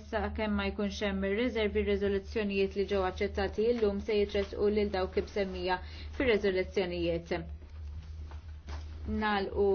Issa kemm ma jkunx hemm ir r riżoluzzjonijiet li ġew aċċettati llum se jitresqu lil dawk kif semmija fir-riżoluzzjonijiet. Nalqu